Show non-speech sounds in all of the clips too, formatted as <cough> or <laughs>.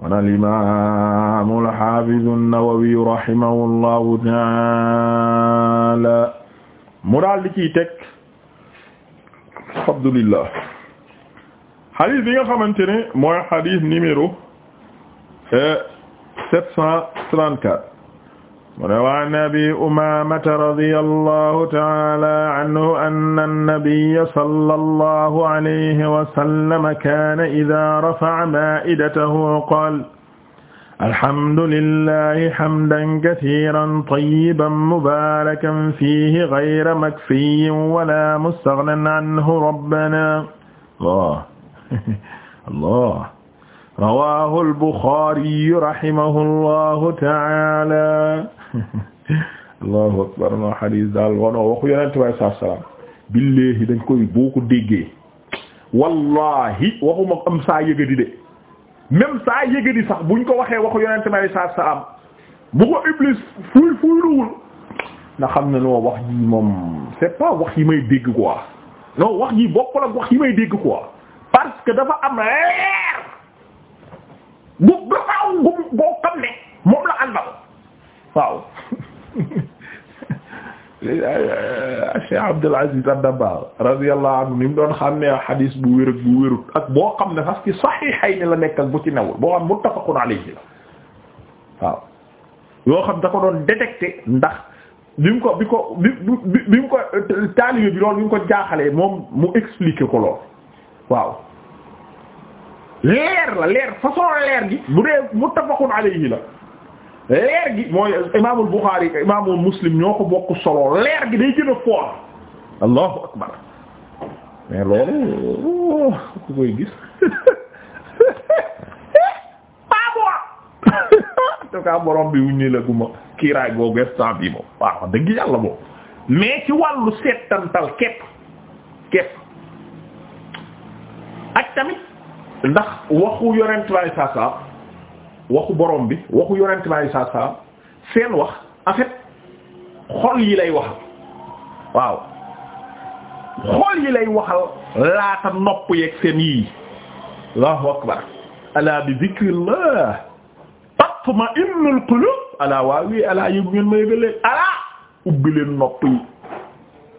wan alimamu alhafidu an-Nawawi rahimahullahu taala mu daal di ciy teg alhamdulillah xadis bi nga xamante ne mooy xadis numéro eh, sept cent trente-quatre mu ne waan abi umaamata radiyallahu ta'ala anhu anna an-nabiyya sallallahu alayhi wa sallam kaana idhaa rafa'a maa'idatahu qaala alhamdulillahi hamdan kathiiran tayyiban mubaarakan fiihi ghayra makfiyyin walaa mustaghnan anhu rabbanaa <laughs> Allah Allah rawahu al-Bukhari rahimahullahu taala allahu akbar no hadis daal wono waxu yonente bi saa salaam billaahi dañ koy boo ko déggee wallahi waxuma am saa yëgadi de même saa yëgadi sax buñ ko waxee waxu yonente bi saa salaam bu ko iblis fuuy fuuy luwul na xam ne noo wax ji moom c'est pas wax yi may dégg quoi non wax ji bokk la wax yi may dégg quoi parce que dafa am waaw <laughs> Cheikh Abdul Aziz ad-Dabbar radiyallahu anhu ni mu doon xam ne xadiis bu wér ak bu wérut ak boo xam ne sax ci saxiixayni la nekk ak bu ci newul boo xam muttafaqun alayhi la waaw yoo xam da ko doon détecté ndax bi mu ko bi ko bi bi bi mu ko taalibe bi loolu bi mu ko jaaxalee moom mu expliquer ko lool waaw leer la leer façon leer gi bu dee muttafaqun alayhi la leer gi mooy imaamul Buxaari imaamul Muslim ñoo ko bokk solo leer gi day gën a fort allahu akbar mais loolu ku koy gis <laughs> paaboa en tout cas borom bi wuñ ni la guma kiiraay googu instant bi moom waaw dëgg yàlla moom mais ci wàllu seetantal képp képp ak tamit ndax waxu yorent way sasa waxu borom bi waxu yonent bi saa saa seen wax en xol yi lay waxal waaw xol yi lay waxal laata nopp yeeg seen yii allahu akbar ala bi zikrillah tatma'innul qulub ala waawi ala yëgu ngeen ma yëgaleen ala ubbi leen nopp yi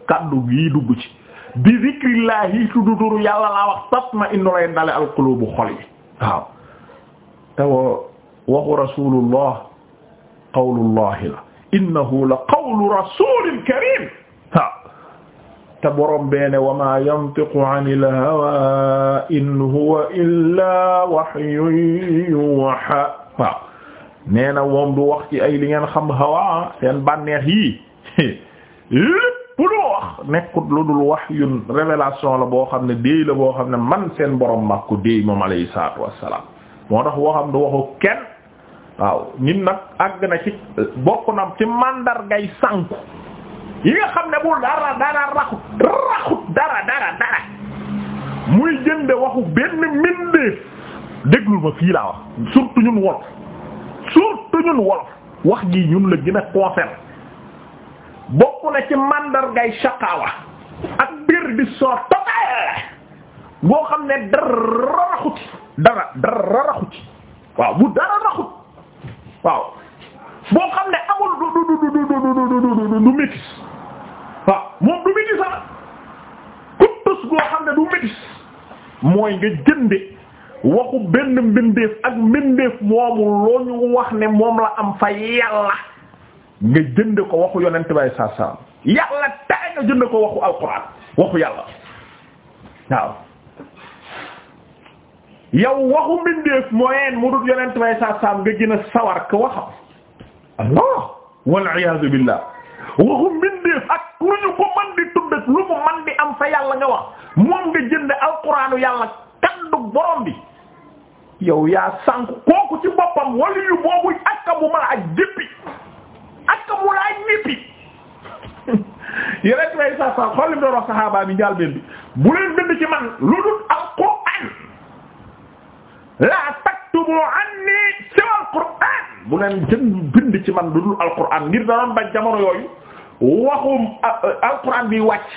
kaddu yii dugg ci bi zikrillahi tudd turu yàlla laa wax tatma'innu lay ndale al qulubu xol yi waaw tawoo waxu rasulullah qawlullahi la innahu la qawlu rasulin karim waaw te borom bee ne wa ma yantiqu anil hawa in huwa illa wahyun yuha waaw nee na moom du wax ci ay li ngeen xam hawa seen bànneex yi <laughs> lépp lu wax nekkut lu dul wahyun révélation la boo xam ne déey la boo xam ne man seen borom mag ko déey moom alayhi salaatu wassalaam moo tax waxam du waxu kenn waaw ñun nag àgg na ci bokk na ci mandargay sànku yi nga xam ne bu dara dara raxut raxut dara dara dara muy jënde waxu benn mbindeef déglul ma fii laa wax surtout ñun wolof surtout ñun wolof wax gi ñun la gën a bokk na ci màndargay shaqawa ak biir di soo total boo xam ne dara raxut dara dara raxut waaw bu dara raxut waaw boo xam ne amul du du du du du du du métis waaw moom du métis sax kuttus goo xam ne du métis mooy nga jënde waxu benn ak mbindeef moomu loo ñu wax ne moom la am fa yàlla nga jënde ko waxu yonent bay saa saa yàlla taa nga jënde ko waxu alxuraan waxu yàlla waaw yow waxu mbindeef mooyeen mu dut yonent may saa nga gën a sawar ko waxam allah wal iyaadu billah waxu mbindeef ak lu ñu ko man di tudd lu mu man di am fa yàlla nga wax moom nga jënd alquraanu yàlla kaddu borom bi yow yaa sànk kooku ci boppam wali yu boobu akka bu ma laa jéppi akka mu laa ñéppi <laughs> yonent may saa saam xolli mu doon wax saxaabaa bi njaal bi bu leen bind ci man lu dul laa taktubu anni siwa alquran bu leen jënd bind ci man lu dul alquran ngir danoon bañ jamono yooyu waxum alquran bi wàcc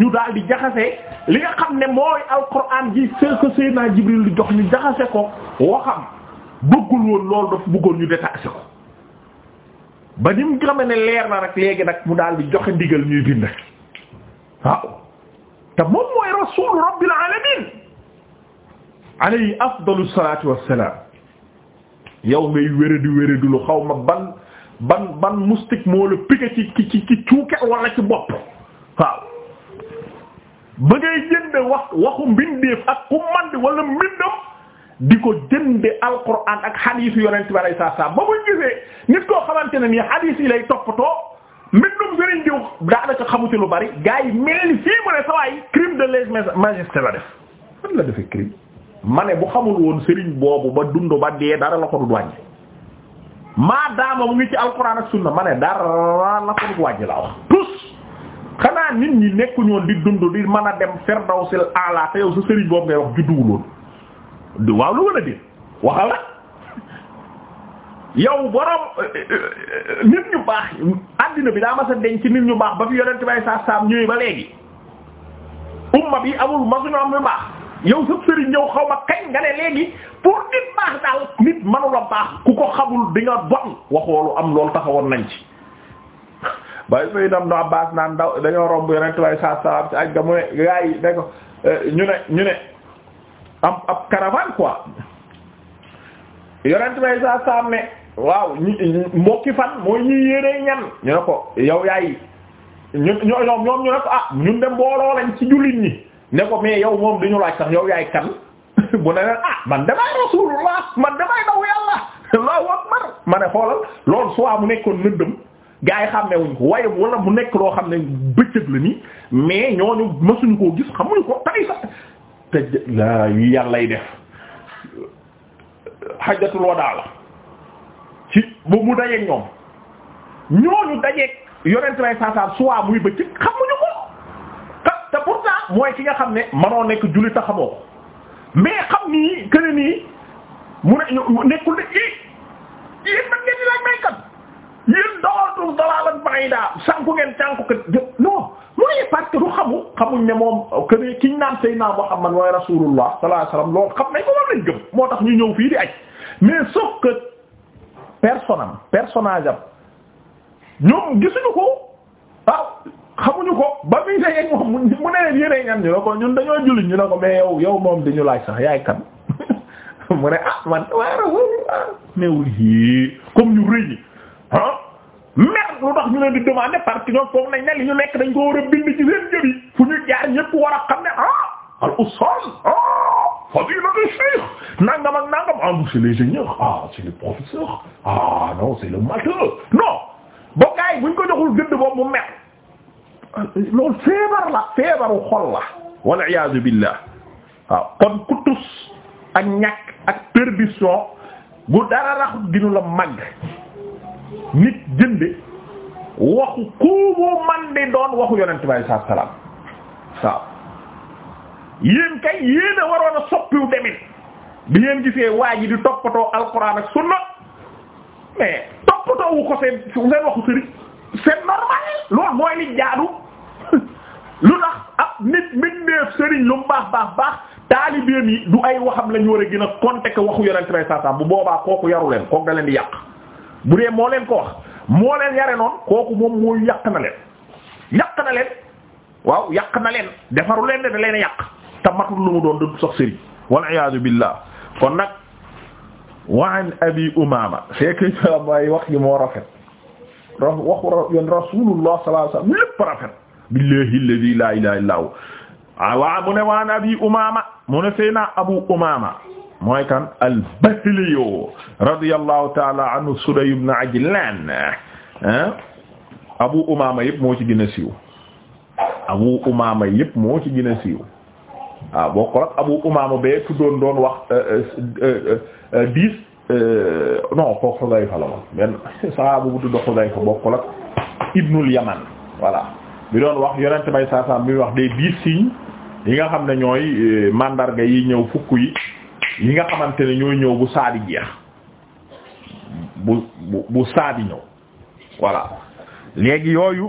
ñu daal jaxase li nga xam ne mooy alquran ji c'est que Seydina Jibril di jox ñu jaxase ko waxam bëggul woon loolu dafa bëggoon ñu détaché ko ba ni mu xamee ne leer na rek léegi nag mu daal di joxe ndigal ñuy bind waaw te moom mooy rasul rabbil alamin alayhi afdalu salaatu wassalaam yow ngay wéradi wéradi lu xaw ma ban ban ban moustique moo ci ci ci ci ci bopp waaw ba jënde wax waxu mbindeef ak ku mandi wala mbindam di ko jënde alquran ak xadiis yu yonent bi alayhi ba muy gisee nit koo xamante ne nii xadiis yi lay toppatoo mbindum sëriñ diw daanaka xamu ci lu bari gars yi mel ne sawaay crime de lèse majesté la def fan la ma ne bu xamul woon sëriñ boobu ba dund ba dee dara la ko dut wàññi maadaama mu ngi ci alxuraan ak sunna ma ne dara la ko dut wàññi laa wax tus xanaa nit ñi nekkuñu di dund di mën a dem firdawsil ala te yow sa sëriñ boobu ngay wax judduwuloon waaw lu walla déet waxal la yow borom nit ñu baax àddina bi daa ma sa denc nit ñu baax ba fi yonent bay saa saam ñëwee ba léegi umma bi amul masuñu am ñu baax yow sa sëriñ ñëw xaw ma kañ nga ne léegi pour nit baax daal nit manula baax ku ko xamul di nga waxoolu am loolu taxawoon nañ ci waaye suy dam na Abbaas naan daw dañoo romb yonent way sa salam ci aj ga mu ne ko eh, ñu ne ñu ne am ab caravane ne waaw mbokki fan mooy ñuy yéenee ñan ñu ne ko yow yaay ñu ñoom ñu ne ko ah ñun de mbooloo lañ ci jullit ñi ne ko mais yow moom duñu laaj sax yow yaay kan bu <laughs> ne leen ah man damay rasulullah man damay daw yàlla allahu akbar ma ne xoolal loolu soit mu nekkoon nëndëm gaa yi xam ko waaye wala mu nekk loo xam ne bëccëg la nii mais ñooñu masuñu koo gis xamuñu ko tay sax te la yu yàllay def hajjatul wadaa la ci bu mu dajeeg ñoom ñooñu dajeeg yonent lay saasaam soit muy bëccëg xamuñu mooy ki nga xam ne manoo nekk jullit a xamoo ko mais xam nii que nii mu ne nekkul ne i yéen man ngeen di laaj may kat yéen dootul dalaalan bayda sànku ngeen sànku kat non mooy parce que xamu xamuñ ne moom que ne kiñ naan Seydina Muhammad waaye Rasulullah sallallahu alayhi wasallam loolu xam nañ ko moom lañ gëm moo tax ñu ñëw fii di aj mais sauf que personne am ñoom gisuñu ko xamuñu ko ba muy sa yegg moom mu ne leen yéenee ñan ñu la ko ñun dañoo julli ñu la ko mais yow yow moom dañu laaj sax yaay kan <laughs> mu ne ah man waa rasulullah neewul yii comme ñu rëy ah mer lu tax ñu leen di demander parce que ñoom foog nañ ne li ñu nekk dañ ko war a bind ci seen jëbi fu ñu jaar ñëpp war a xam ne ah al ustaz ah fadilatu cheikh nangam ak nangam ah c'est l'ingénieur ah c'est le professeur ah non c'est le matheux non ba gars yi buñ ko joxul gëdd boobu mu mer loolu feebar la feebaru xol la wal iyaadu billah waaw kon ku ak ñàkk ak perdition bu dara raxut ginu la màgg nit jënde waxu kuumu man di doon waxu yonent bi alayhi salaatu salaam waaw yéen kay yéen a waroon a soppiwu demin bi ngeen gisee waa di toppatoo alquran ak sunna mais toppatoo wu ko seen seen waxu sëriñ c'est normal loolu mooy li jaadu lu tax ab nit mbindeef sëriñ lu baax baax baax taalibeem yi du ay waxam lañu war a gën a compter que waxu yonent bay saa saa bu boobaa kooku yaru leen kooku da yàq bu dee moo leen ko wax moo leen yare noonu kooku moom mooy yàq na leen yàq na leen waaw yàq na leen defaru leen ne da leen yàq te matul lu mu doon du sox sëriñ wal iyaadu billah kon nag wa an abi umama c'est que <laughs> way wax ji moo rafet waxu yoon rasulullah sallallahu alayhi wasallam lépp rafet billahi alladhi la ilaha illa hu ah, waaw mu ne waan abi umama mu ne seyna abu umama mooy kan al-Bahili radiyallahu ta'ala anhu Sudayy ibn Ajlan eh? abu umama yëpp moo ci gën a siiw abu umama yëpp moo ci gën a siiw waaw ah, bokkul ak abu umama bee tuddoon doon wax eh, eh, dix Euh, non ko Xudayfa la woon benn <laughs> saxaabu bu tudd Xudayfa bokkul ak Ibnul Yaman voilà bi doon wax yonent bay saasaam bi wax des dix signes yi nga xam ne ñooy euh, mandarga yi ñëw fukk yi yi nga xamante ne ñooy ñëw bu saadi geex bu bu bu saadi ñëw voilà léegi yooyu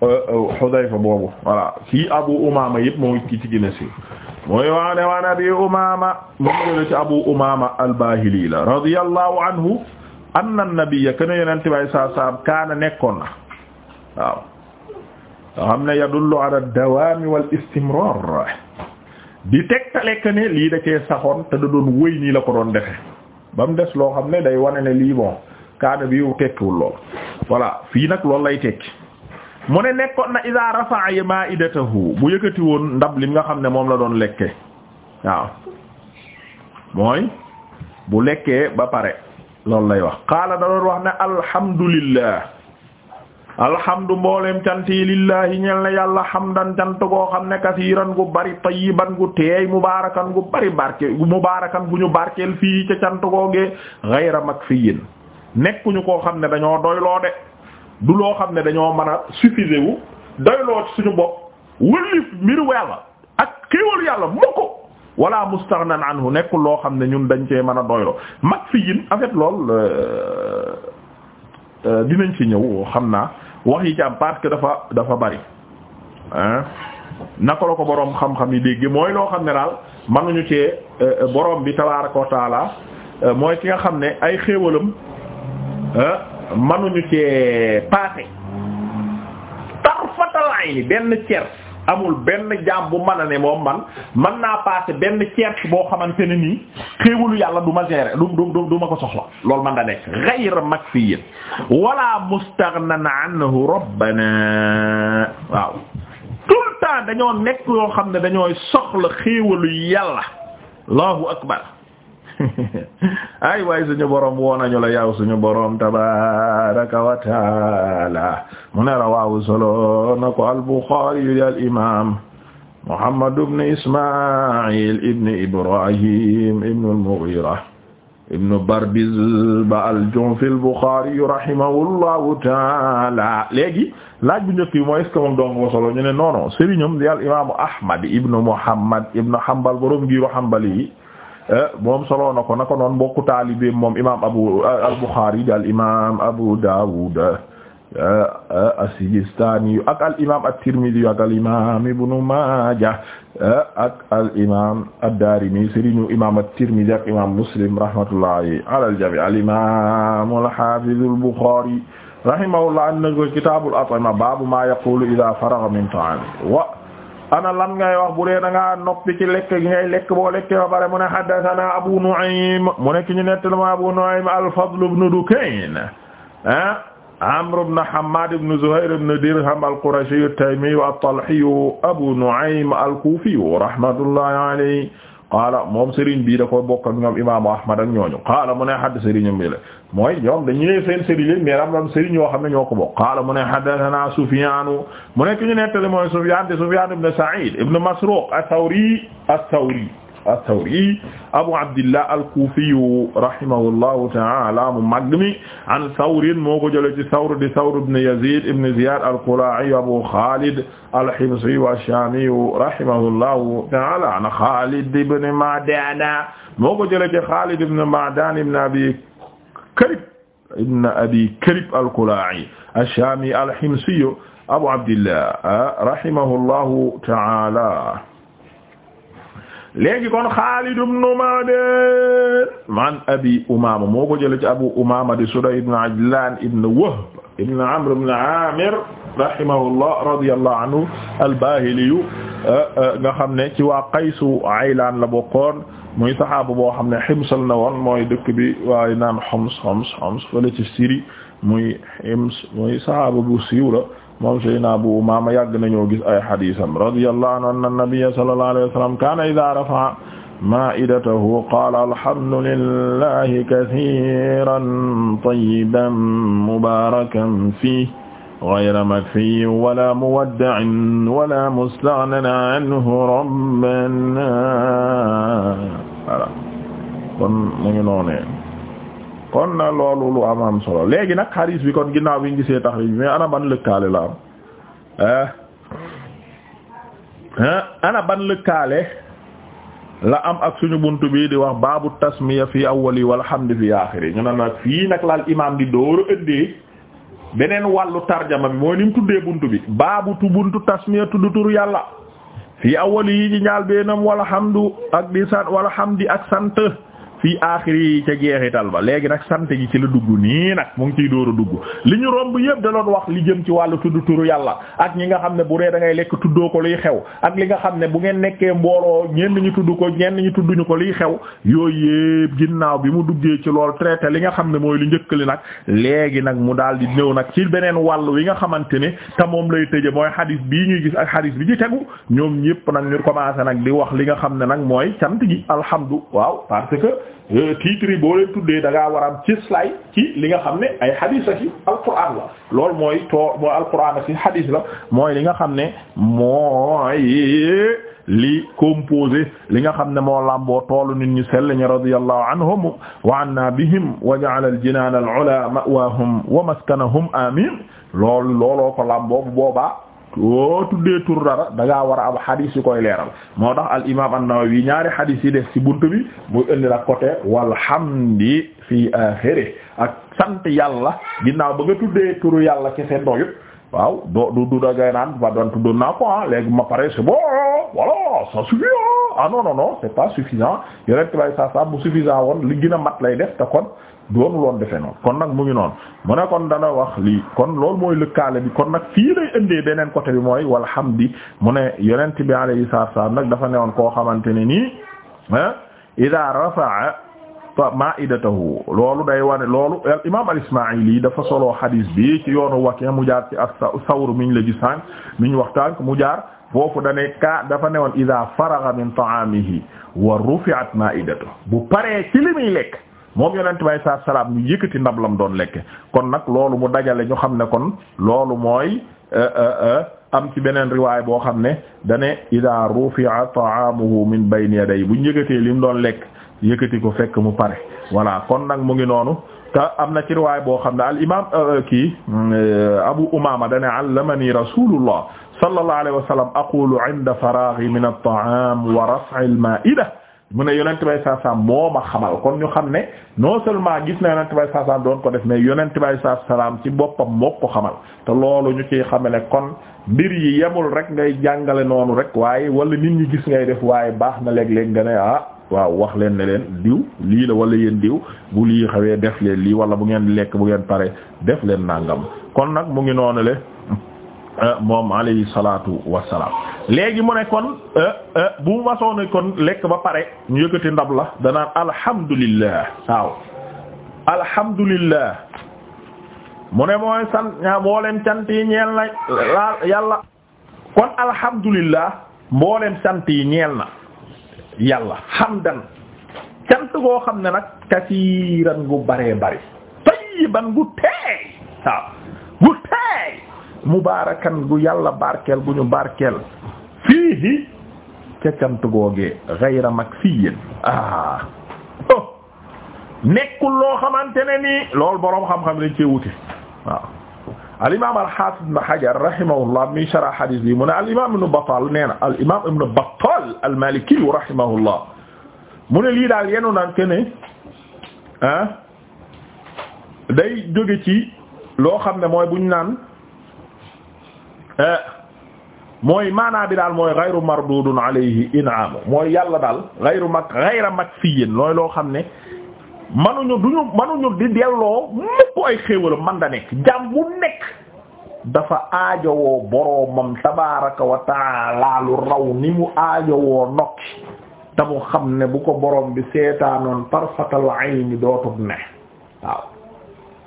Hudayfa euh, euh, boobu voilà fii Abu Umaama yëpp moo ki ci gëna si mooy waane waan Abi Umaama mu jële ci Abu Umaama al-Baahili la anna an-nabiyya kana yonent bi saa saam kaana nekkoon na waaw nga xam ne yadullu ala ad-dawaami istimraar di tegtale que ne lii da cee saxoon te da doon wëy la ko doon defe ba des loo xam ne day wane ne lii bon kaana bi yu tekkiwul lool voilà fii nag loolu lay tekki mu ne nekkoon na iza rafa'a ma'idatahu bu yëkkati woon ndab lim nga xam ne moom la doon lekke waaw mooy bu lekkee ba pare loolu lay wax qaala da doon wax ne alhamdulillah alhamdu mboolem cant yi lillahi ñel na yàlla hamdan cant goo xam ne kasiiran gu bari tayyiban gu teey mubaarakan gu bari barke mubaarakan gu ñu barkeel fii ca cant googee ghayra makfiyin nekkuñu koo xam ne dañoo doyloo de du loo xam ne dañoo mën a suffisé wu suñu bopp wëlif mbiru yàlla ak xéewal yàlla moo ko wala mustaghnan anhu nekkul loo xam ne ñun dañ cee mën a doyloo mag fi yin en fait lool euh, euh, dinañ ci ñëw xam naa wax yi ci am que dafa dafa bari hein naka la ko boroom xam-xam yi dégg mooy loo xam ne daal mënuñu cee euh, boroom bi tabaaraka wa taala mooy ki nga xam ne ay xéewalam manuñu cee paase tarfatal ayni benn tiers amul benn jaam bu mën moom man man naa paase benn tiers boo xamante ne nii xéewalu yàlla du ma gérer du du ma ko soxla loolu man da nekk ghayr makfiyin wala mustaghnan anhu rabbana waaw tout le temps dañoo nekk yoo xam ne dañooy soxla xéewalu yàlla allahu akbar <laughs> ay waay suñu borom woo nañu la yaw suñu borom tabaraka wa taala mu ne rawahu solo na ko al-Bukhari yu al imam Muhammad ibn Ismail ibn Ibrahim ibn al-Mughira ibn Bardizbah al-Ju'fi al-Bukhari rahimahullahu taala léegi laaj bu njëkk bi mooy est-ce que moom dong ko solo ñu ne non non sëriñam di al imam Ahmad ibn Muhammad ibn Hanbal borom gi Hanbali Eh, moom solo na ko naka noonu mbokku taalibe moom imaam abu eh, al-Bukhari di al imaam Abu Dawud eh, as-Sijistani ak al imaam at-Tirmidhi ak al imaam Ibnu Maaja ak al imaam ad-Daarimi sëriñu imaam at-Tirmidhi ak imaam Muslim rahmatullahi ala al-jamii al imaam al-Haafiz al-Bukhari rahimahullah annahu kitaabul at'ima baabu maa yaqulu idhaa faragha min ta'aamihi wa ana lan ngay wax bu dee da ngaa noppi ci lekk gi ngay lekk boo lekkee ba pare mu ne haddathana Abu Nu'aym mu nekk ñu nettali ma Abu Nu'aym al-Fadl ibn Dukayn ah Amr ibn Hammad ibn Zuhayr ibn Dirham al-Qurashi at-Taymi at-Talhi Abu Nu'aym al-Kufi rahmatullahi alayhi qaala moom Serigne bii da ko bokk ak ñoom imaamu Ahmad ak ñooñu qaala mu ne hadd Serigne bi la mooy ñoom dañu ne seen Serigne lañ mais am na Serigne yoo xam ne ñoo ko bokk qaala mu ne haddathana Sufyaan mu ne ki ñu nettali mooy Sufyaan te Sufyaan ibn Sa'iid ibn Masruuq as-Sawri as-Sawri ath-Thawri Abu Abdillah al-Kufi rahimahullahu ta'ala mu màgg mi an Thawr moo ko jëlee ci Thawr di Thawr ibn Yazid ibn Ziyad al-Qula'i Abu Khalid al-Himsi ash-Shami rahimahullahu ta'ala an Khalid ibn Ma'dan moo ko jëlee ci Khalid ibn Ma'dan ibn Abi Karib ibn Abi Karib al-Qula'i ash-Shami al-Himsi Abu Abdillah rahimahullahu ta'ala léegi kon Xaalid ibn Ma'dan man Abi Umaama moo ko jëlee ci Abu Umaama di Sudayy ibn Ajlaan ibn Wahb ibn Amr ibn Aamir rahimahullah radiyallahu anhu al-Baahiliyu eh, eh, nga xam ne ci waa Qaysu Aylaan la bokkoon muy saxaaba boo xam ne Himsal la woon mooy dëkk bi waaye naan Homs Homs Homs fële ci Syrie muy Hims muy saxaaba bu siiw la moom Seydina Abu Umaama yàgg nañoo gis ay hadiisam radiyallahu anhu anna nabiyya sallallahu alayhi wa sallam kaana idhaa rafa'a maa'idatahu qaala alhamdulillahi kathiiran tayyiban mubaarakan fiihi ghayra makfiyyin wala muwaddi'in wala mustaghnan anhu rabbanaa kon mu ngi noonee kon na loolu lu am am solo léegi nag xadiis bi kon ginnaaw bi ñu see tax mais ana ban la am ah ana ban lëkkaale la am ak suñu bunt bii di wax baabu tasmiya fi awwali walhamdu fi aaxiri ñu ne nag fii nag laal imaam di dooru ëddee beneen wàllu tarjama bi mooy ni tuddee bunt bi baabu tu buntu tasmiya tudd yàlla fi awwali yi ci ñaal beenam walhamdu xam di ak sant fii aaxiri ca jeexital ba léegi nag sant gi ci la dugg nii nag mu ngi ciy dóor a dugg li ñu romb yëpp da doon wax li jëm ci wàllu tudd turu yàlla ak ñi nga xam ne bu dee da ngay lekk tuddoo ko luy xew ak li nga xam ne bu ngeen nekkee mbooloo ñenn ñu tudd ko ñenn ñu tudduñu ko luy xew yooyu yëpp ginnaaw bi mu duggee ci lool traité li nga xam ne mooy lu njëkk li nag léegi nag mu daal di ñëw nag ci beneen wàll wi nga xamante ni te moom lay tëje mooy xadis bii ñuy ak xadis bi ci tegu ñoom ñëpp nag ñu commencé nag di wax li nga xam ne nag mooy sant gi alhamdu Euh, titre yi boo leen tuddee da ngaa war a am ci li nga xam ne ay hadith ak alquran la loolu mooy too mooy alquran ak hadith la mooy li nga xam ne mooy li composé li nga xam ne moo lamboo toolu nit ñu sell ñi radiyallahu anhum wa anna bihim wa ja'ala al-jinaan al-'ulaa ma'waahum wa maskanahum amiin loolu looloo ko lamboo bu boobaa. woo tuddee tur dara da ngaa war a am xadis yu koy leeral moo tax al imaam an-Nawawi ñaari xadis yi def ci bunt bi muy indi la côté walhamdi fii axiri ak sant yàlla ginnaaw ba nga tuddee turu yàlla kese doyut waaw doo du du dangay naan ba doon tuddoon naa ko ah léegi ma pare c'est bon voilà ça suffit ah non c'est pas suffisant yeneen tubaab saa saa bu suffisant woon li gën mat lay def te kon doonu loon defee noonu kon nag mu ngi noonu mu ne kon dana wax lii kon loolu mooy lëkkaale bi kon nag fii lay indee beneen côté bi mooy walhamdi mu ne yonent bi alayhi salaam nag dafa newoon koo xamante ne nii ah, ida rafa'a ma'idatahu loolu day wane loolu imaam al-Ismaa'ili dafa solo hadis bi ci yoonu Waki' mu jaar ci ak sawr miñ la gis sànq miñ waxtaan mu jaar foofu da ne ka dafa newoon ida faragha min ta'aamihi wa rufi'at ma'idatuhu bu paree ci lekk moom yonent bay saa salaam mu yëkkati ndab lam doon lekke kon nag loolu mu dajale ñu xam ne kon loolu mooy euh, euh, euh, am ci beneen riwaay boo xam ne dane ida rufi'a ta'amuhu min bayni yaday bu ñu yëkkatee li mu doon lekk yëkkati ko fekk mu pare voilà kon nag mu ngi noonu te am na ci riwaay boo xam ne al imam kii abu umama dane allamani rasulullah sallallahu alayhi wa sallam aqulu inda faraghi min at-ta'am wa raf'i al-ma'ida mu ne yonent bay saasaam moo ma xamal kon ñu xam ne non seulement gis na yonent bay saasaam doon ko def mais yonent bay saasaam ci boppam moo ko xamal te loolu ñu ciy xame ne kon mbir yi yemul rek ngay jàngale noonu rek waaye wala nit ñi gis ngay def waaye baax na léeg-léeg nga ne ah waaw wax leen ne leen diw lii la wala yéen diw bu lii xawee def leen lii wala bu ngeen lekk bu ngeen pare def leen nàngam kon nag mu ngi noonu le <laughs> ah, moom alayhi salaatu léegi mu ne kon euh, euh, bu masoon kon lekk ba pare ñu yëkkati ndab la danaan alhamdulillah waaw alhamdulillah mu ne mooy sant mboolem cant yi ñeel na laa yàlla kon alhamdulillah mboolem sant yi ñeel na yàlla hamdan cant goo xam ne nag kasiiran gu baree bari tayyiban gu teey waaw gu teey mubaarakan gu yàlla barkeel gu ñu barkeel fiihi ca cant googee ghayra makfiyin ah oh. nekkul loo xamante ne nii boroom xam-xam lañ cee wute waaw al imaam al haafiz ibn mi sharh bi mu ne al imaam ibn battal nee na al imaam ibn mu ne lii daal yenu naan ke ne ah, day jóge ci loo xam ne mooy buñ naan eh, mooy maanaa bi daal mooy ghayru mardudun alayhi in'am mooy yàlla daal ghayru mag ghayra makfiyin looy loo xam ne manuñu duñu manuñu di delloo mukk ay xéewal man da nekk jaam bu nekk dafa aajowoo boroomam tabaaraka wa ta'aala lu raw ni mu aajowoo nokki te mu xam ne bu ko borom bi seetaanoon tarfatal ayni dootut ne waaw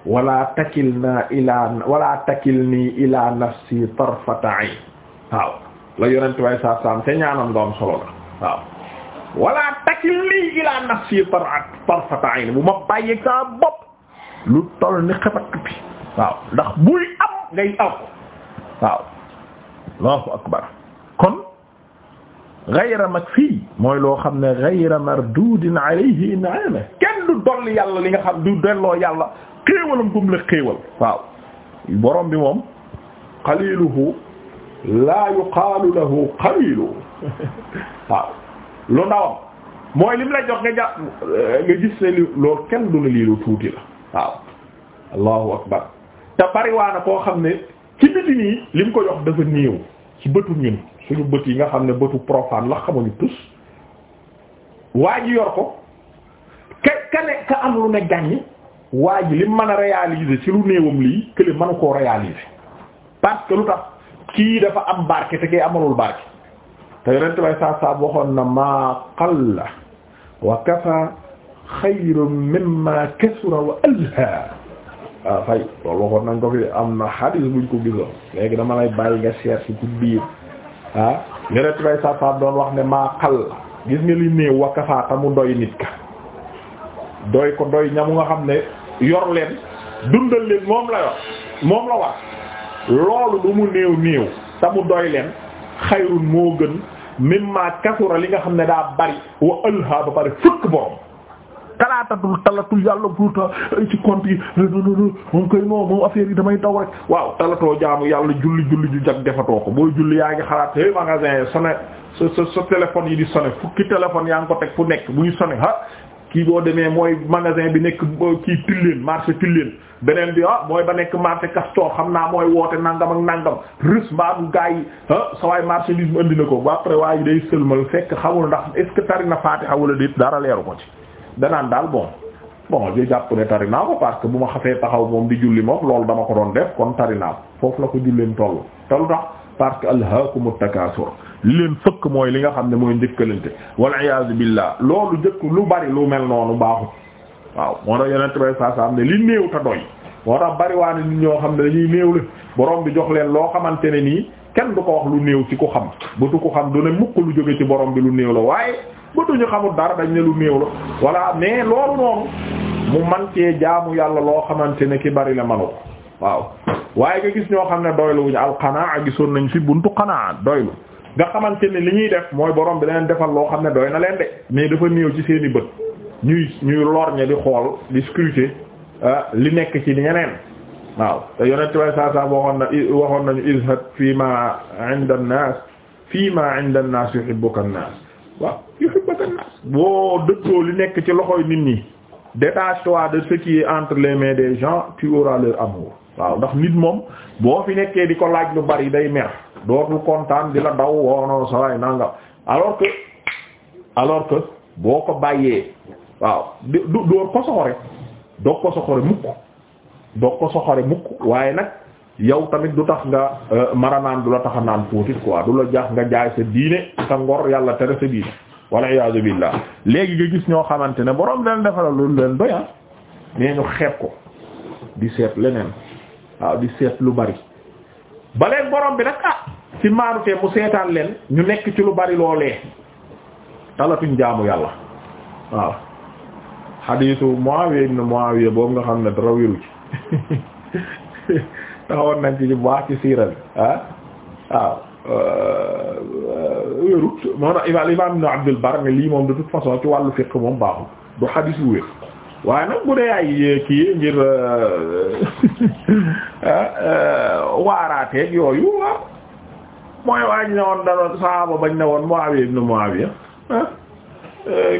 wala takilna ila wala takilni ila nafsi tarfata ayni waaw la yonent way saa saam te ñaanam nga solo la waaw wala takilni ila nafsi par farfata ayni bu ma bàyyeeg saa bopp lu toll ni xebat bi waaw ndax buy am ngay aw waaw allahu akbar kon ghayra makfi mooy loo xam ne ghayra mardudin alayhi in'ama kenn du dolli yàlla li nga xam du delloo yàlla xéewalam bi moom qaliluhu laa yuqaalu lahu waaw lu ndawam mooy lim la jox nga jàpp nga gis ne li loolu kenn du la lii lu tuuti la waaw allahu akbar te bariwaana koo xam ne ci biti nii lim ko jox dafa néew ci bëtu ñun suñu bët yi nga xam ne bëtu profane la xamuñu tus waa ji yor ko ka ka ne ka am lu ne gàññi waa ji lim mën a réaliser ci lu néewam lii kële mënu koo réaliser parce lu tax kii dafa am barke te kay amalul barke te yonent bay saa saa waxoon na maa qalla wa kafa xayrun mimma kasura wa alha waaw ah, fay loolu waxoon nañ ko fi am na xadis buñ ko gisoon léegi dama lay bàyyi nga cherche ci biir ah yonent bay saa saa doon wax ne maa qalla gis nga li néew wa kafa doy nit ka doy ko doy ñamu nga xam ne yor leen dundal leen moom la yor moom la war loolu lu mu néew néew te mu doy leen xayrun moo gën mimma kasura li nga xam ne daa bari wa ëlha ba bari fëkk borom talaatatul talatul yàlla pourta ci compte yi moom koy non moom yi damay daw rek waaw talatoo jaamu yàlla julli julli ju jag defatoo ko booy julli yaa ngi xalaat hey magasin yi sonné sa sa sa téléphone yi di sonné fukki téléphone yaa ngi ko teg fu nekk buy sonné ha kii boo demee mooy magasin bi nekk kii Tilleen marché Tilleen beneen bi ah mooy ba nekk marché Castor xam naa mooy woote nangam ak nangam rus mbaabu gars yi ah sa waay marché bi andi na ko ba après waaye yi day sëlmal fekk xamul ndax est-ce que tari na Fatiha wala déet dara leeru ko ci. danaan daal bon bon je jàpp ne tari naa ko parce que bu ma xafee taxaw moom di julli moom loolu dama ko doon def kon tari naa ko foofu la ko julleen toll te lu tax parce que alhaakumu takaasur li leen fëkk mooy li nga xam ne mooy njëkkalante wal iyaazu billah loolu njëkk lu bari lu mel noonu baaxut waaw moo tax yeneen tubay saa saa am ne li néew ta doy moo tax bariwaane nit ñoo xam ne dañuy néew la borom bi jox leen loo xamante ne nii kenn du ko wax lu néew ci ku xam du ko xam du ne mukk lu jóge ci borom bi lu néew la waaye bëtuñu xamul dara dañ ne lu néew la voilà mais loolu noonu mu man cee jaamu yàlla loo xamante ne ki bari la manu waaw waaye nga gis ñoo xam ne doyluwuñu al qanaa gisoon nañ fi buntu qanaa doylu nga xamante ne li ñuy def mooy borom bi leen defal loo xam ne dooy na leen de mais dafa néew ci seen i bët ñuy ñuy lorñe di xool di scruter ah, li nekk ci ñeneen waaw te yonent way saa saa waxoon na waxoon nañu izhad fii ma inda an-nas fii ma inda an-nas yuhibbuka an-nas waaw yuhibbuka boo dëttoo li nekk ci loxoy nit ñi détache-toi de ce qui est entre les mains des gens tu auras leur amour waaw ndax nit moom boo fi nekkee di ko laaj lu bari day mer dootul kontaan di la daw woono oh saway nanga alors que alors que boo ko bàyyee waaw door ko soxore doog ko soxore mukk doog ko soxore mukk waaye nag yow tamit du tax nga euh, naan du la tax a naan tuuti quoi du la jaax nga jaay sa diine sa ngor yàlla tere sa diine walla iyaazu billaah léegi nga gis ñoo xamante ne borom leen defal lu leen doy ah, mais ñu xeeb ko di seet leneen waaw di seet lu bari ba borom bi nag ah ci maarutee mu seetaan leen ñu nekk ci lu bari loolee talatuñ jaamu yàlla waaw xadiisu Muawiya ibn Muawiya boobu nga xam ne dara wéru ci <laughs> taxawoon nañ ci ci baax ci siira bi ah waaw wérut moo tax imam ibn Abdul lii moom de toute façon ci wàllu fiqh moom baaxul du xadiis yu wér waaye nag bu dee ay kii ngir euh, <laughs> ah, euh, waaraateeg yooyu waaw ah, mooy waa ñu woon dara saaba bañ ne woon Muawiya ibn Muawiya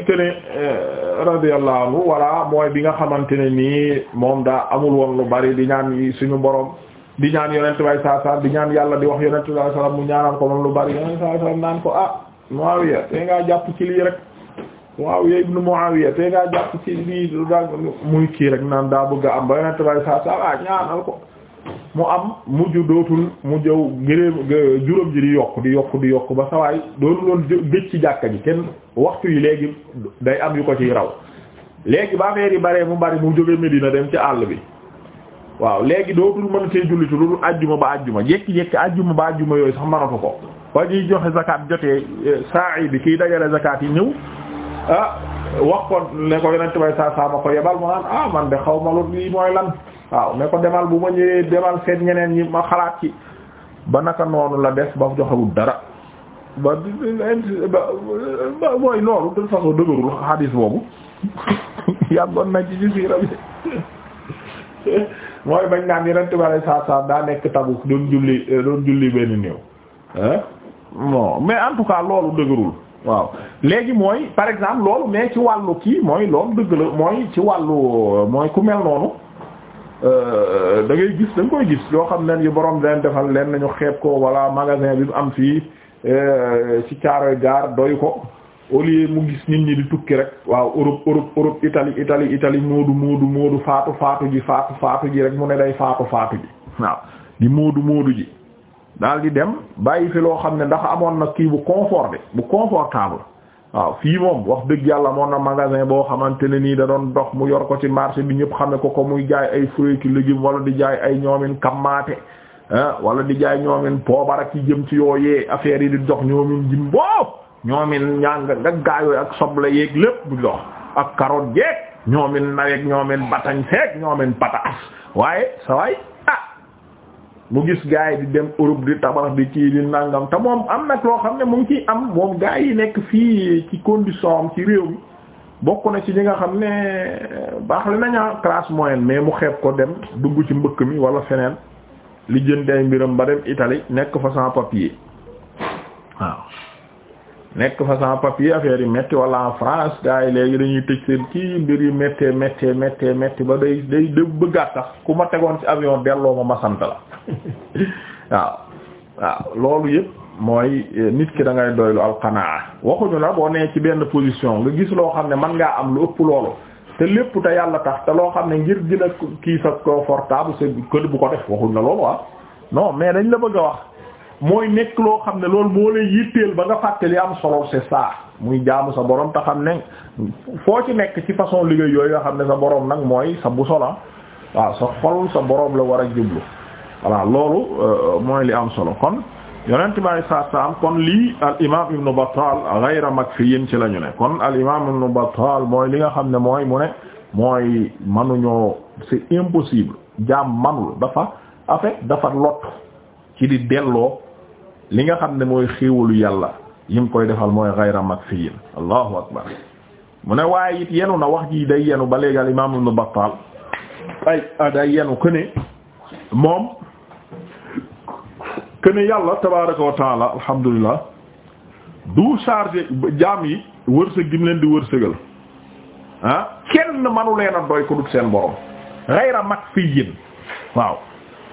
kene ah, euh, radiyallahu anhu walla mooy bi nga xamante ne nii moom daa amul woon lu bari di ñaan suñu borom di ñaan yonent bay saa saa di ñaan yàlla di wax yonent bay saa saa mu ñaanal ko moom lu bari yonent saa saa naan ko ah Muawiya te ngaa jàpp ci lii rek. waaw ya ibnu Muawiya te ngaa jàpp ci lii muy kii rek naan daa bëgg am ba yonent bay saa saa ah ñaanal ko mu am mujj dootul mu jëw gëréem juróom ji di yokk di yokk di yokk ba sawaay doonu loon gëj ci jàkka ji kenn waxtu yi léegi day am yu ko ciy raw léegi ba affaire yi baree mu bari mu jóge Medina dem ci àll bi waaw léegi dootul mën cee jullitu loolu ajjuma ba ajjuma jekki-jekki ajjuma ba ajjuma yooyu sax mënatu ko ba ñuy joxe zakat jotee eh, saa yi bi kiy dajale zakat yi ñëw ah wax ko ne ko yonent bay saa saa ma ko yebal mu naan ah man de xaw ma lu lii mooy lan waaw ne ko demal bu ma ñëwee demal seet ñeneen ñi ma xalaat ci ba naka noonu la def ba joxewul dara ba mooy loolu de façon dëgërul xadis boobu <laughs> yàggoon nañ ci ci siira bi <laughs> mooy bañ naan yonent bay saa saa daa nekk tabu doon julli doon julli benn néew ah eh? non mais en tout cas loolu dëgërul waaw léegi mooy par exemple loolu mais ci wàllu kii mooy loolu dëgg la mooy ci wàllu mooy ku mel noonu euh, da ngay gis da koy gis yoo xam ne ni borom leen defal leen nañu xeet ko wala magasin bi mu am fii euh, ci Caaroy gaar doy ko au lieu mu gis nit ñi di tukki rek waaw Europe Europe Europe Italie itali itali moodu moodu moodu faatu faatu ji faatu faatu ji rek mu ne day faatu faatu ji waaw di moodu moodu ji daal di dem bàyyi fi loo xam ne ndax amoon na kii bu conforté bu confortable waaw fii moom wax dëgg yàlla moon na magasin boo xamante ne nii da doon dox mu yor ko ci marché bi ñëpp xam ne ko ko muy jaay ay fruits ki légumes wala di jaay ay ñoomin kamaate wala di jaay ñoomin poobar ak yi jëm ci yooyee affaire yi di dox ñoomin jimbo ñoomin ñàng nga gaayooy ak soble yeeg lépp bu dox ak carotte yeeg ñoomin naweeg ñoomin batañ feek ñoomin pataas waaye sa waay mu gis gars yi di dem Europe di tabax di kii di nangam te moom am nag loo xam ne mu ngi ciy am moom gars yi nekk fii ci condition am ci réew mi bokk na ci ñi nga xam ne euh, baax la nañu ah, classe moyenne mais mu xeet ko dem dugg ci mbëkk mi wala feneen li jën ay mbiram ba dem Italie nekk fa sans papier waaw nekk fa sans papier affaire yi métti walla en France gars léegi dañuy tëj seen kii mbir yi méttee méttee méttee métti ba day day day bëggaat sax ku ma tegoon ci avion delloo ma ma sant la <laughs> waaw waaw loolu yëpp mooy eh, nit ki da ngay doylu alqanaa waxuñu la boo nee ci benn position nga gis loo xam ne man ngaa am lu ëpp loolu te lépp te yàlla tax te loo xam ne ngir gën kii sa confortable c'est que bu ko def waxuñ la loolu waaw ah. non mais dañ la bëgg a wax mooy nekk loo xam ne loolu moo lay yitteel ba nga fàtte li am solo c'est ça muy jaamu sa boroom te xam ne foo ci nekk ci façon liggéey yooyu nga xam ne sa boroom nag mooy sa bu solo waaw sa xol sa boroom la war a jublu voilà loolu euh, mooy li am solo kon yonent bi saa saam kon lii al imaam ibnu Battaal ghayra makfiyin ci la ñu ne kon al imaam ibnu Battaal mooy li nga xam ne mooy mu ne mooy manuñoo c'est impossible jaam manul dafa en dafa lot di delloo. li nga xam ne mooy xéewalu yàlla yim koy defal mooy ghayra makfiyin allahu akbar mu ne waaye it yenu na wax ji day yenu ba léegi al imaam ibn Battal ay ah, day yenu këne moom këne yàlla tabaaraka wa taala du chargé jaam yi wërsëg gi mu leen di wërsëgal ah, kenn manu leen a doy ko dut seen borom ghayra makfiyin waaw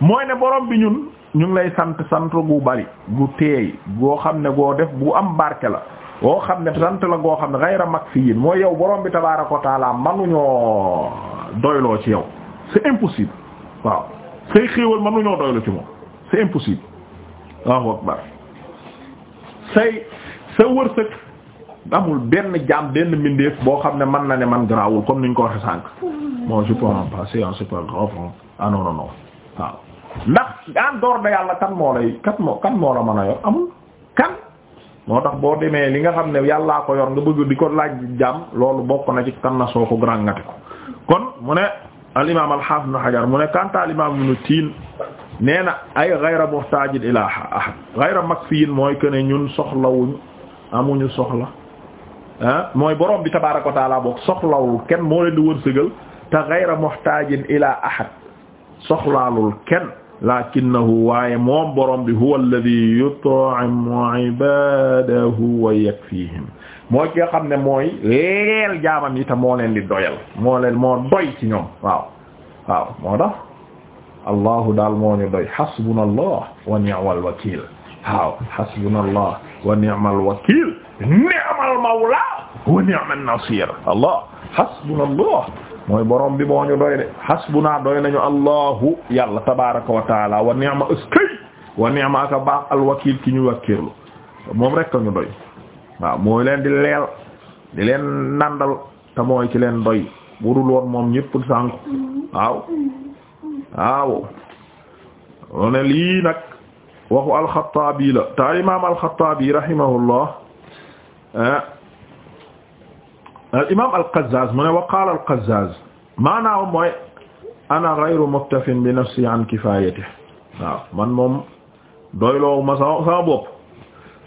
mooy ne borom bi ñun ñu ngi lay sant sant gu bari gu teey goo xam ne goo def bu am barke la boo xam ne sant la goo xam ne xayra mag fi yéen mooy yow borom bi tabaaraka wa taala manuñoo doyloo ci yow c'est impossible waaw say xéewal manuñoo doyloo ci moom c'est impossible say sa wërsëg amul benn jaam benn mbindeef boo xam ne man na ne man garaawul comme ni ñu ko waxee sànq bon je peux en passer c'est pas grave ah non non non waaw ndax en dehors de yàlla kan moo lay kan moo la mën a yor amul kan moo tax boo demee li nga xam ne yàllaa ko yor nga bëgg di ko laaj jàmm loolu bokk na ci kan na soo ko grand ngati ko kon mu ne al imam al hafiz mu ne kanta al imam ibn tiin nee na ay ghayra muhtajin ila ahad ghayra makfiyin mooy que ne ñun soxlawuñ amuñu soxla ah mooy borom bi tabaaraka wa taala boog soxlawul kenn moo leen di wërsëgal te ghayra muhtajin ila ahad soxlaalul kenn lakinnahu waaye moom borom bi huwa alladhi yut'imu ibadahu wa yakfihim moo ki nga xam ne mooy leel jaamam yi te moo leen di doyal moo leen moo doy ci ñoom waaw waaw moo tax allahu daal moo ñu doy hasbunallah wa ni'mal wakil waaw hasbunallah wa ni'mal wakil ni'mal mawla wa ni'man nasir allah hasbunallah mooy borom bi moo ñu doy de hasbuna doy nañu allahu yàlla tabaraka wa taala wa ni'ma askay wa ni'ma aka baax alwakil ki ñu wàkkirlu moom rek ñu doy waaw mooy leen di leel di leen nandal te mooy ci leen doy budul woon moom ñépp sànku waaw waaw loo lii nag waxu alxataabi la te imaam alxataabi rahimahullah eh, al imaam al qazzaz mu ne wa qaala al qazzaz maanaam mooy ana ghayru muktafin bi nafsi an kifayati waaw man moom doyloowu ma sama sama bopp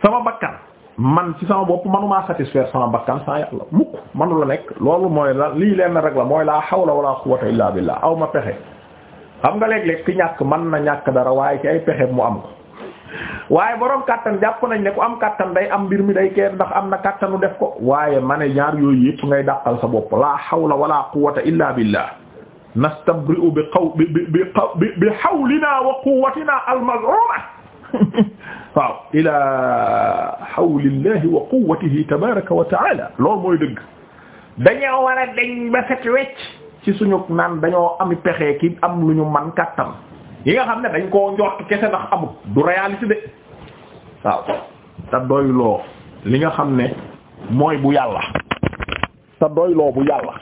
sama bakkan man ci sama bopp manuma satisfaire sama bakkan sans yàlla mukk manu la nekk loolu mooy la lii leen rek la mooy laa hawla wala quwwata illa billah aw ma pexe xam nga léeg-léeg ki ñàkk man na ñàkk dara waaye ci ay pexe mu am ko waaye borom kattan jàpp nañ ne ku am kattan day am mbir mi day kee ndax am na kattanu def ko waaye ma ne ñaar yooyu yëpp ngay dàqal sa bopp la hawla wala quwwata illa billah nastabri'u bi xaw bi bi bi bi hawlina wa quwwatina al-maz'uma <laughs> waaw ilaa hawlillahi wa quwwatihi tabaraka wa ta'ala loolu mooy dëgg dañoo war dañ ba set wecc ci suñu naan dañoo ami pexe ki am lu man kattan yi nga xam ne dañ koo njort kese ndax amul du réalité de waaw te doyloo li nga xam ne mooy bu yàlla te doyloo bu yàlla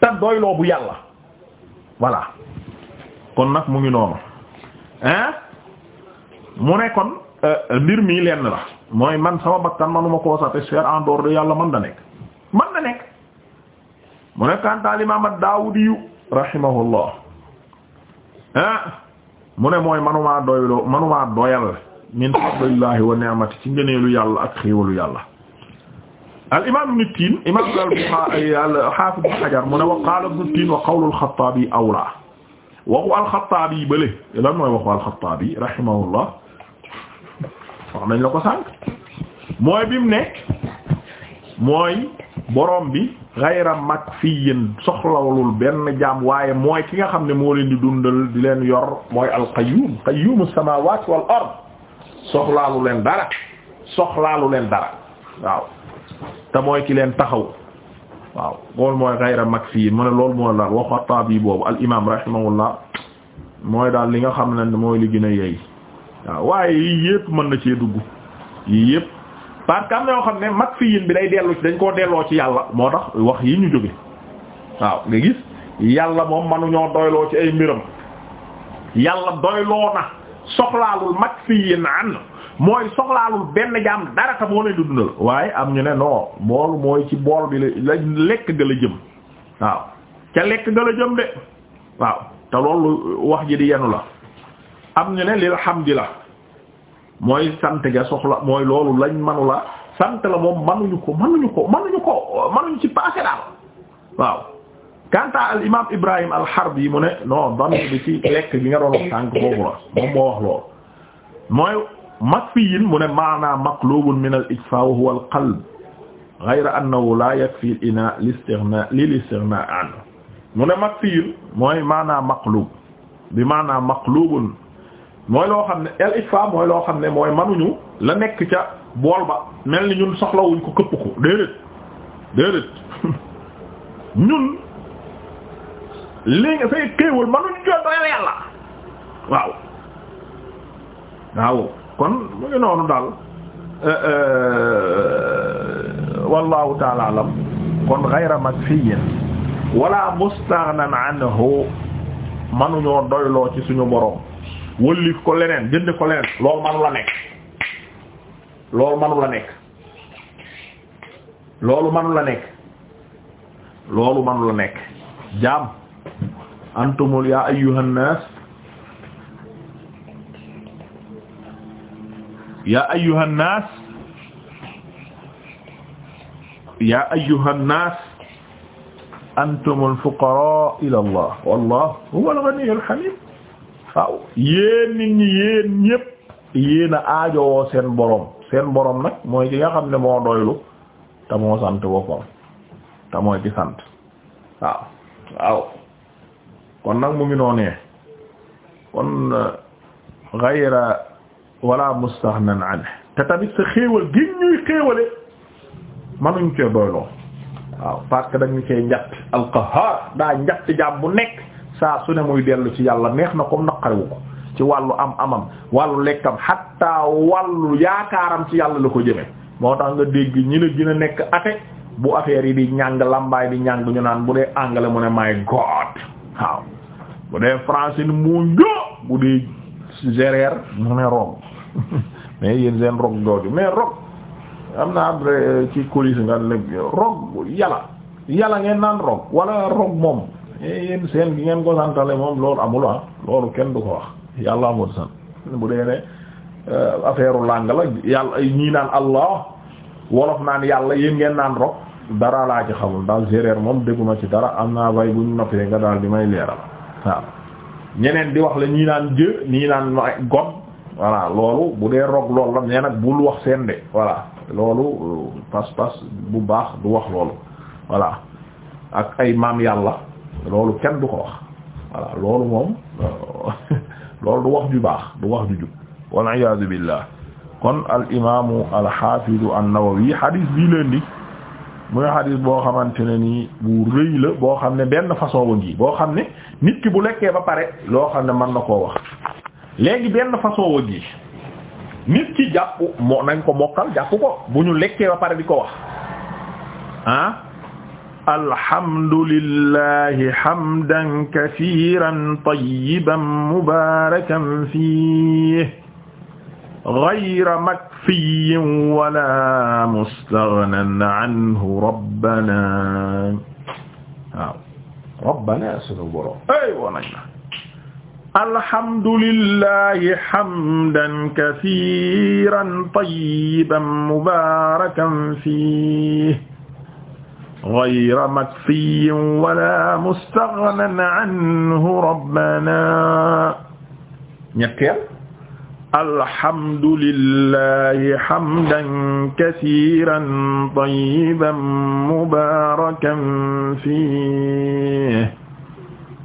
te doyloo bu yàlla voilà kon nag mu ngi noonu hein mu ne kon euh, mbir mii lenn la mooy man sama bakkan manuma koo satisfaire en dehors de yàlla man da nekk man da nekk mu ne kantaal imaam ad-Daawudi rahimahullah ah mu ne mooy manumaa doyloo manumaa doyal min fadlillahi wa ni'mati ci ngëneelu yàlla ak xéewalu yàlla al imam ibn Tin imam al hafiz ibn Hajar mu ne wa qala ibn Tin wa qawlu al-Khattabi awla waxu al-Khattabi bële lan mooy waxu al-Khattabi rahimahullah wax nañ la ko sànq mooy bimu ne mooy borom bi xayra makfiyin soxlawlul benn jaam waaye mooy ki nga xam ne moo leen di dundal di leen yor mooy alqayyum qayyumu samawati wal ard soxlaalu leen dara soxlaalu leen dara waaw te mooy ki leen taxaw waaw loolu mooy xayra makfiyin mu ne loolu moo la wax Xattaabi boobu al imam rahimahullah mooy daal li nga xam ne mooy li gën a yeey waaw waaye yii yépp mën na cee dugg yii yépp parce que am na yoo xam ne mag fi yin bi day dellu ci dañ koo delloo ci yàlla moo tax wax yi ñu jóge waaw nga gis yàlla moom manuñoo doyloo ci ay mbiram yàlla doyloo na soxlaalul mag fi yin an mooy soxlaalul benn jaam dara ta moo leen di dundal waaye am ñu ne non boolu mooy ci bool bi la lekk ga la jëm waaw ca lekk ga la jëm de waaw te loolu wax ji di yenu la am ñu ne lil hamdi la mooy sant ga soxla mooy loolu lañ manula sant la moom manuñu ko manuñu ko manuñu ko manuñu ci passé daal waaw kanta al imam ibrahim al harbi yi mu ne non damir bi ci lekk gi nga doon wax tànk boobu la moom moo wax loolu mooy makfiyin mu ne maana maqlubun min al ijfa wa huwa al qalb ghayra annahu la yakfi al ina li istighna lil istighna an mu ne makfiyin mooy maana maqlub bi maana maqlubun mooy loo xam ne el ifa mooy loo xam ne mooy manuñu la nekk ca bool ba mel ni ñun soxlawuñ ko këpp ko déedéet déedéet <laughs> ñun li nga fay kéewul manuñu jot rek yàlla waaw waaw kon mu ngi noonu daal eh, eh, wallahu taala kon ghayra wala mustaghnan anhu manuñoo doyloo ci suñu borom wëllif ko leneen jënd ko leneen loolu manu la nekk loolu manu la nekk loolu manu la nekk loolu manu la nekk jaam antumul yaa ayyuhan nas yaa ayyuhan nas yaa ayyuhan nas antumul fuqara ila allah wallahu huwal ghaniyyul hamid waaw yéen nit ñi yéen ñépp yéen a aajowoo seen borom seen boroom nag mooy ki nga xam ne moo doylu te moo sant boppam te mooy ki sant waaw waaw kon nag mu ngi noonee kon uh, gayra wala mustaghnan an te tamit sa xéewal gi ñuy xéewale manuñ cee doyloo waaw parce que dañu cee njatt alqahar daa njatt jaam bu nekk saa su ne muy dellu ci yàlla neex na ko naqarewu ko ci wàllu am amam wàllu lekkam xatta wàllu yaakaaram ci yàlla la ko jëme moo tax nga dégg ñi la gën a nekk ate bu affaire yi di ñàng lambaay di ñàng ñu naan bu dee anglais mu ne my god waaw bu dee français ni mu njoo bu dee gérer mu ne rog <laughs> mais yéen rog jooju mais rog am na après ci colis nga rog yàlla yàlla ngeen naan rog wala rog moom Eh, yéen seen gi ngeen ko santale moom loolu amul ah loolu kenn du ko wax yàlla amul sant bu dee ne euh, affaire làng la yàlla ñii naan allah wolof naan yàlla yéen ngeen naan rok dara laa ci xamul daal géréer moom dégguma ci dara am naa bay bu ñu noppee nga daal di may leeral waaw ñeneen di wax la ñii naan jë ñii naan god voilà loolu bu dee rog loolu la nee nag bul wax seen de voilà loolu euh, pas-pas bu baax du wax loolu voilà ak ay maam yàlla loolu kenn du ko wax voilà loolu moom euh, <laughs> loolu du wax ju baax du wax ju jub wal iyaadu billah kon al imaamu al xaafidu an-Nawawi xadis bii leen di muy xadis boo xamante ne nii bu rëy la boo xam ne benn façon ba ngi boo xam ne nit ki bu lekkee ba pare loo xam ne mën na koo wax léegi benn façon wa gi nit ki jàpp moo nañ ko mokkal jàpp ko bu ñu lekkee ba pare di ko wax ah? alhamdulillahi hamdan kasiiran tayyiban mubaarakan fiihi ghayra makfiyyin wala mustaghnan anhu rabbanaa waaw rabbanaa sunu boroom aywa nañ na alhamdulillahi hamdan kasiiran tayyiban mubaarakan fiihi ghayra makfiyyin wala mustaghnan anhu rabbana ñetteel alhamdulillahi hamdan kasiiran tayyiban mubaarakan fiihi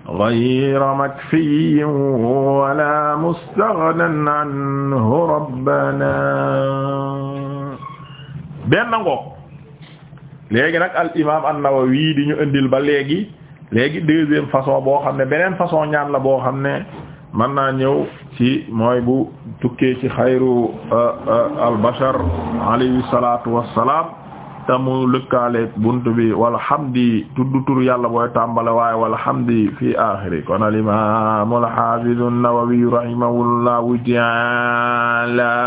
ghayra makfiyyin wala mustaghnan anhu rabbana benn ngoog léegi nag al imaam an-Nawawi di ñu indil ba léegi léegi deuxième façon boo xam ne beneen façon ñaan la boo xam ne man naa ñëw ci mooy bu tukkee ci xayru euh, euh, al-bashar alayhi salaatu wassalaam te mu lëkkaaleeg bunt bi walhamdi tudd tur yàlla booy tàmbale waaye walhamdi fi aaxiri kon al imaam al-haafiz an-Nawawi rahimahullahu ta'ala